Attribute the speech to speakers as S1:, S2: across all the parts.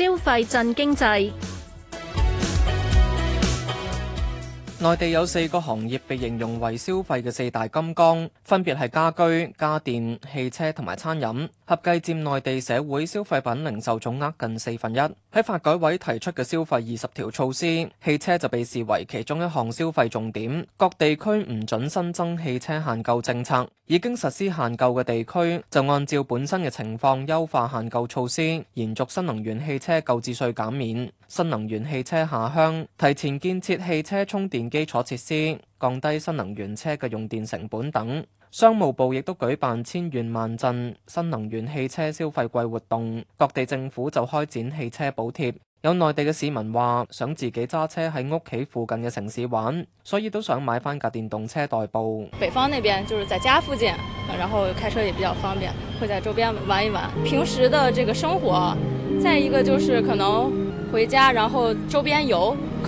S1: 消費振經濟。內地有四個行業被形容為消費嘅四大金剛，分別係家居、家電、汽車同埋餐飲，合計占內地社會消費品零售總額近四分一。喺發改委提出嘅消費二十條措施，汽車就被視為其中一項消費重點。各地區唔準新增汽車限購政策，已經實施限購嘅地區就按照本身嘅情況優化限購措施，延續新能源汽車購置稅減免、新能源汽車下鄉、提前建設汽車充電。基礎設施降低新能源車嘅用電成本等，商務部亦都舉辦千縣萬鎮新能源汽車消費季活動，各地政府就開展汽車補貼。有內地嘅市民話，想自己揸車喺屋企附近嘅城市玩，所以都想買翻架電動車代步。北方那邊就是在家附近，然後開車也比較方便，會在周邊玩一玩，平時的這個生活。再一個就是可能回家，然後周邊遊。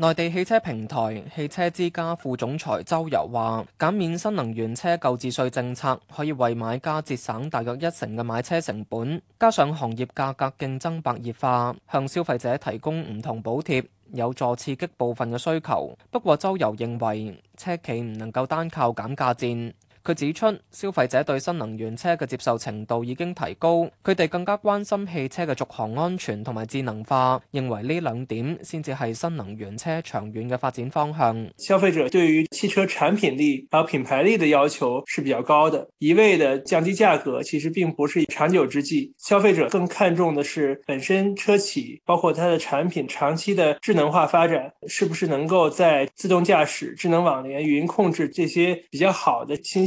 S1: 內地汽車平台汽車之家副總裁周游話：減免新能源車購置稅政策可以為買家節省大約一成嘅買車成本，加上行業價格競爭白熱化，向消費者提供唔同補貼，有助刺激部分嘅需求。不過，周游認為，車企唔能夠單靠減價戰。佢指出，消費者對新能源車嘅接受程度已經提高，佢哋更加關心汽車嘅續航安全同埋智能化，認為呢兩點先至係新能源車長遠嘅發展方向。
S2: 消費者對於汽車產品力有品牌力的要求是比較高嘅，一味地降低價格其實並不是長久之計。消費者更看重嘅係本身車企包括它嘅產品長期嘅智能化發展，是不是能夠在自動駕駛、智能網聯、雲控制這些比較好嘅新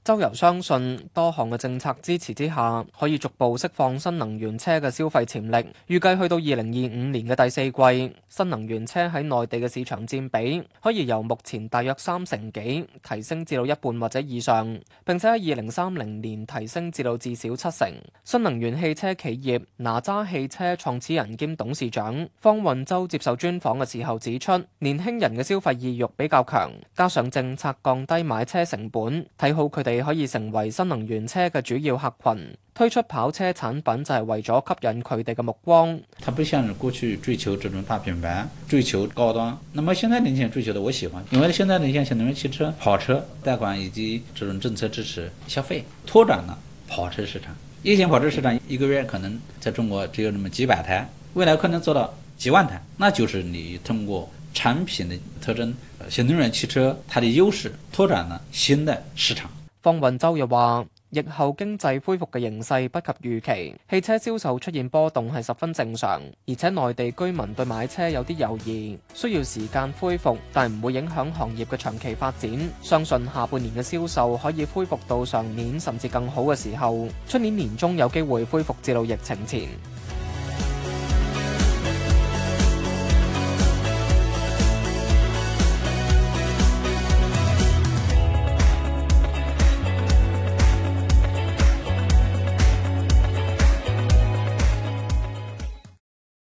S1: 周游相信多項嘅政策支持之下，可以逐步釋放新能源車嘅消費潛力。預計去到二零二五年嘅第四季，新能源車喺內地嘅市場占比可以由目前大約三成幾提升至到一半或者以上。並且喺二零三零年提升至到至少七成。新能源汽車企業哪吒汽車創始人兼董事長方運舟接受專訪嘅時候指出，年輕人嘅消費意欲比較強，加上政策降低買車成本，睇好佢哋。你可以成為新能源車嘅主要客群，推出跑車產品就係為咗吸引佢哋嘅目光。它不像是過去追求這種大品牌、追求高端，那麼現在年輕人追求的我喜歡，因為現在你像新能源汽車、跑車貸款以及這種政策支持消費，拓展了跑車市場。以前跑車市場一個月可能在中國只有那麼幾百台，未來可能做到幾萬台，那就是你通過產品的特徵，新能源汽車它的優勢拓展了新的市場。方運舟又話：疫後經濟恢復嘅形勢不及預期，汽車銷售出現波動係十分正常，而且內地居民對買車有啲猶豫，需要時間恢復，但唔會影響行業嘅長期發展。相信下半年嘅銷售可以恢復到上年甚至更好嘅時候，出年年中有機會恢復至到疫情前。